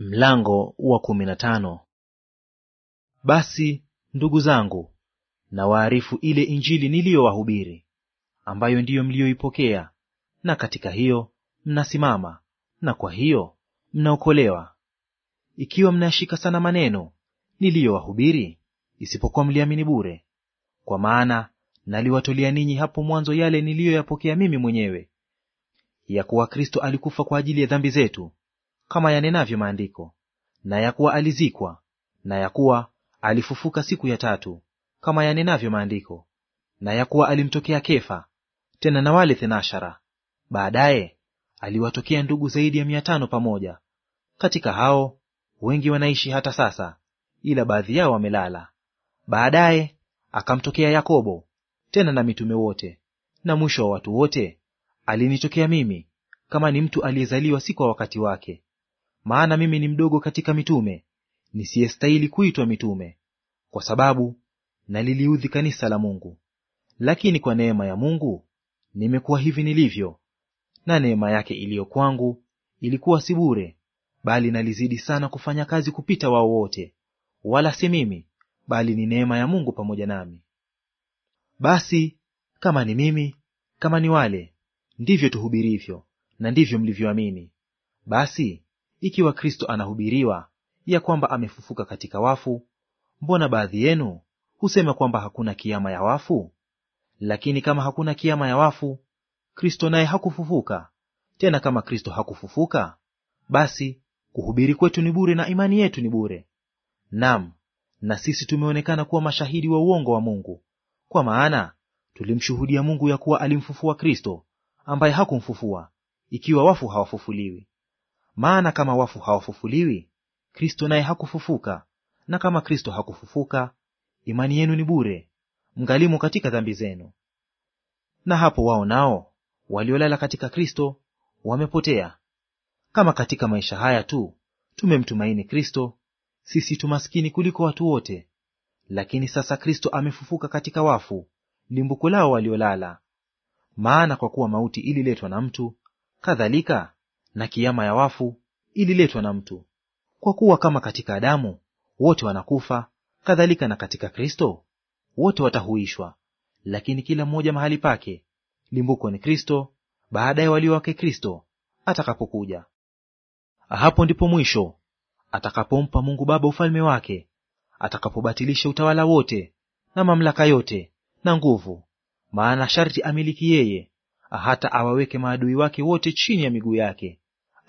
Mlango wa kumi na tano. Basi ndugu zangu, nawaarifu ile injili niliyowahubiri, ambayo ndiyo mliyoipokea, na katika hiyo mnasimama, na kwa hiyo mnaokolewa, ikiwa mnayashika sana maneno niliyowahubiri, isipokuwa mliamini bure. Kwa maana naliwatolea ninyi hapo mwanzo yale niliyoyapokea mimi mwenyewe, ya kuwa Kristo alikufa kwa ajili ya dhambi zetu kama yanenavyo maandiko, na ya kuwa alizikwa, na ya kuwa alifufuka siku ya tatu, kama yanenavyo maandiko, na ya kuwa alimtokea Kefa, tena na wale thenashara. Baadaye aliwatokea ndugu zaidi ya mia tano pamoja. Katika hao wengi wanaishi hata sasa, ila baadhi yao wamelala. Baadaye akamtokea Yakobo, tena na mitume wote, na mwisho wa watu wote alinitokea mimi, kama ni mtu aliyezaliwa si kwa wakati wake maana mimi ni mdogo katika mitume, nisiyestahili kuitwa mitume, kwa sababu naliliudhi kanisa la Mungu. Lakini kwa neema ya Mungu nimekuwa hivi nilivyo, na neema yake iliyo kwangu ilikuwa si bure, bali nalizidi sana kufanya kazi kupita wao wote, wala si mimi, bali ni neema ya Mungu pamoja nami. Basi kama ni mimi, kama ni wale, ndivyo tuhubirivyo na ndivyo mlivyoamini. Basi ikiwa Kristo anahubiriwa ya kwamba amefufuka katika wafu, mbona baadhi yenu husema kwamba hakuna kiama ya wafu? Lakini kama hakuna kiama ya wafu, Kristo naye hakufufuka. Tena kama Kristo hakufufuka, basi kuhubiri kwetu ni bure na imani yetu ni bure. Naam, na sisi tumeonekana kuwa mashahidi wa uongo wa Mungu, kwa maana tulimshuhudia Mungu ya kuwa alimfufua Kristo, ambaye hakumfufua, ikiwa wafu hawafufuliwi. Maana kama wafu hawafufuliwi, Kristo naye hakufufuka. Na kama Kristo hakufufuka, imani yenu ni bure, mngalimo katika dhambi zenu. Na hapo wao nao waliolala katika Kristo wamepotea. Kama katika maisha haya tu tumemtumaini Kristo, sisi tumaskini kuliko watu wote. Lakini sasa Kristo amefufuka katika wafu, limbuko lao waliolala. Maana kwa kuwa mauti ililetwa na mtu, kadhalika na kiama ya wafu ililetwa na mtu. Kwa kuwa kama katika Adamu wote wanakufa, kadhalika na katika Kristo wote watahuishwa. Lakini kila mmoja mahali pake, limbuko ni Kristo, baadaye walio wake Kristo atakapokuja. Hapo ndipo mwisho, atakapompa Mungu Baba ufalme wake, atakapobatilisha utawala wote na mamlaka yote na nguvu. Maana sharti amiliki yeye, hata awaweke maadui wake wote chini ya miguu yake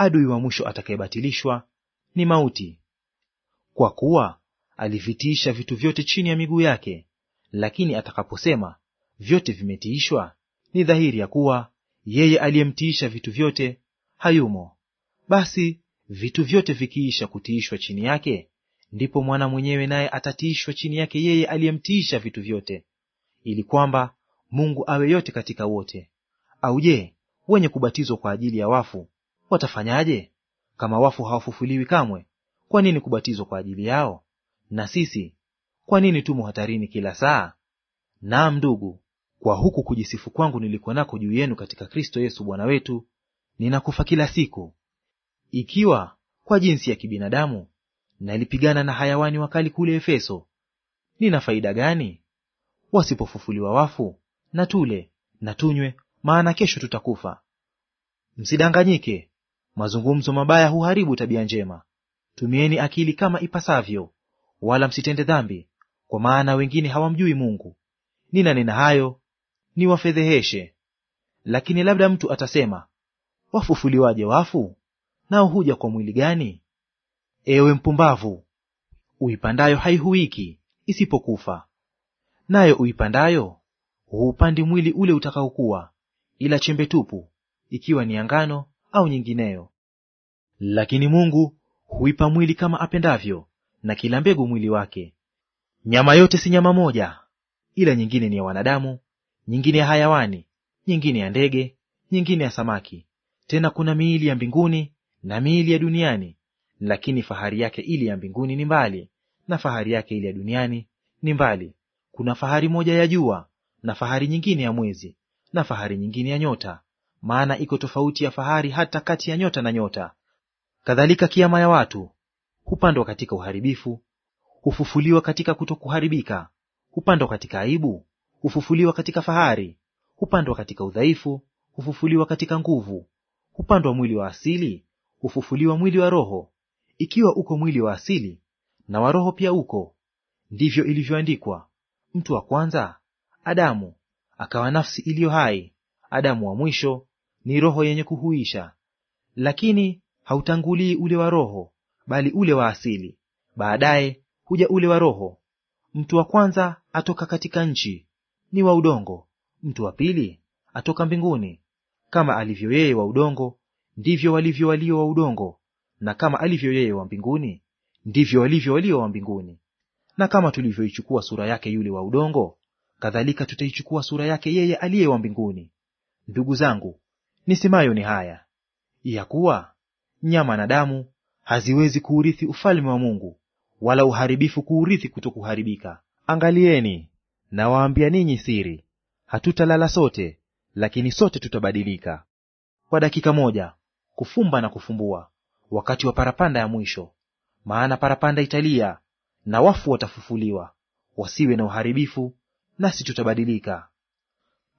adui wa mwisho atakayebatilishwa ni mauti. Kwa kuwa alivitiisha vitu vyote chini ya miguu yake, lakini atakaposema vyote vimetiishwa, ni dhahiri ya kuwa yeye aliyemtiisha vitu vyote hayumo. Basi vitu vyote vikiisha kutiishwa chini yake, ndipo mwana mwenyewe naye atatiishwa chini yake yeye aliyemtiisha vitu vyote, ili kwamba Mungu awe yote katika wote. Au je, wenye kubatizwa kwa ajili ya wafu Watafanyaje? Kama wafu hawafufuliwi kamwe, kwa nini kubatizwa kwa ajili yao? Na sisi kwa nini tumo hatarini kila saa? Naam ndugu, kwa huku kujisifu kwangu niliko nako juu yenu katika Kristo Yesu Bwana wetu, ninakufa kila siku. Ikiwa kwa jinsi ya kibinadamu nalipigana na hayawani wakali kule Efeso, nina faida gani? Wasipofufuliwa wafu, na tule na tunywe, maana kesho tutakufa. Msidanganyike, Mazungumzo mabaya huharibu tabia njema. Tumieni akili kama ipasavyo, wala msitende dhambi, kwa maana wengine hawamjui Mungu. Ninanena hayo niwafedheheshe. Lakini labda mtu atasema, wafufuliwaje wafu? Nao huja kwa mwili gani? Ewe mpumbavu, uipandayo haihuiki isipokufa. Nayo uipandayo huupandi mwili ule utakaokuwa, ila chembe tupu, ikiwa ni ya ngano au nyingineyo. Lakini Mungu huipa mwili kama apendavyo, na kila mbegu mwili wake. Nyama yote si nyama moja, ila nyingine ni ya wanadamu, nyingine ya hayawani, nyingine ya ndege, nyingine ya samaki. Tena kuna miili ya mbinguni na miili ya duniani, lakini fahari yake ile ya mbinguni ni mbali, na fahari yake ile ya duniani ni mbali. Kuna fahari moja ya jua, na fahari nyingine ya mwezi, na fahari nyingine ya nyota, maana iko tofauti ya fahari hata kati ya nyota na nyota. Kadhalika kiama ya watu hupandwa katika uharibifu, hufufuliwa katika kutokuharibika; hupandwa katika aibu, hufufuliwa katika fahari; hupandwa katika udhaifu, hufufuliwa katika nguvu; hupandwa mwili wa asili, hufufuliwa mwili wa roho. Ikiwa uko mwili wa asili na wa roho pia uko, ndivyo ilivyoandikwa, mtu wa kwanza Adamu akawa nafsi iliyo hai, Adamu wa mwisho ni roho yenye kuhuisha, lakini hautangulii ule wa roho, bali ule wa asili; baadaye huja ule wa roho. Mtu wa kwanza atoka katika nchi, ni wa udongo; mtu wa pili atoka mbinguni. Kama alivyo yeye wa udongo, ndivyo walivyo walio wa udongo, na kama alivyo yeye wa mbinguni, ndivyo walivyo walio wa mbinguni. Na kama tulivyoichukua sura yake yule wa udongo, kadhalika tutaichukua sura yake yeye aliye wa mbinguni. Ndugu zangu, Nisemayo ni haya ya kuwa nyama na damu haziwezi kuurithi ufalme wa Mungu, wala uharibifu kuurithi kutokuharibika. Angalieni, nawaambia ninyi siri, hatutalala sote, lakini sote tutabadilika, kwa dakika moja, kufumba na kufumbua, wakati wa parapanda ya mwisho. Maana parapanda italia, na wafu watafufuliwa, wasiwe na uharibifu, nasi tutabadilika.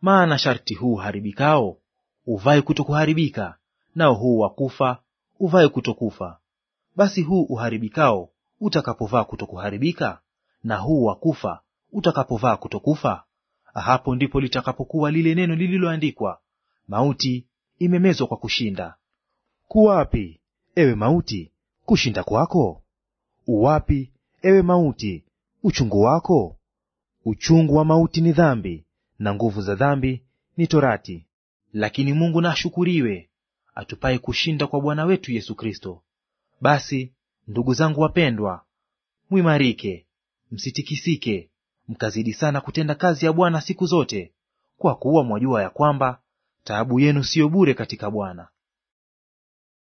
Maana sharti huu haribikao uvae kutokuharibika, nao huu wa kufa uvae kutokufa. Basi huu uharibikao utakapovaa kutokuharibika, na huu wa kufa utakapovaa kutokufa, hapo ndipo litakapokuwa lile neno lililoandikwa, mauti imemezwa kwa kushinda. Kuwapi, ewe mauti, kushinda kwako? Uwapi, ewe mauti, uchungu wako? Uchungu wa mauti ni dhambi, na nguvu za dhambi ni torati. Lakini Mungu na ashukuriwe, atupaye kushinda kwa Bwana wetu Yesu Kristo. Basi ndugu zangu wapendwa, mwimarike, msitikisike, mkazidi sana kutenda kazi ya Bwana siku zote, kwa kuwa mwajua ya kwamba taabu yenu siyo bure katika Bwana.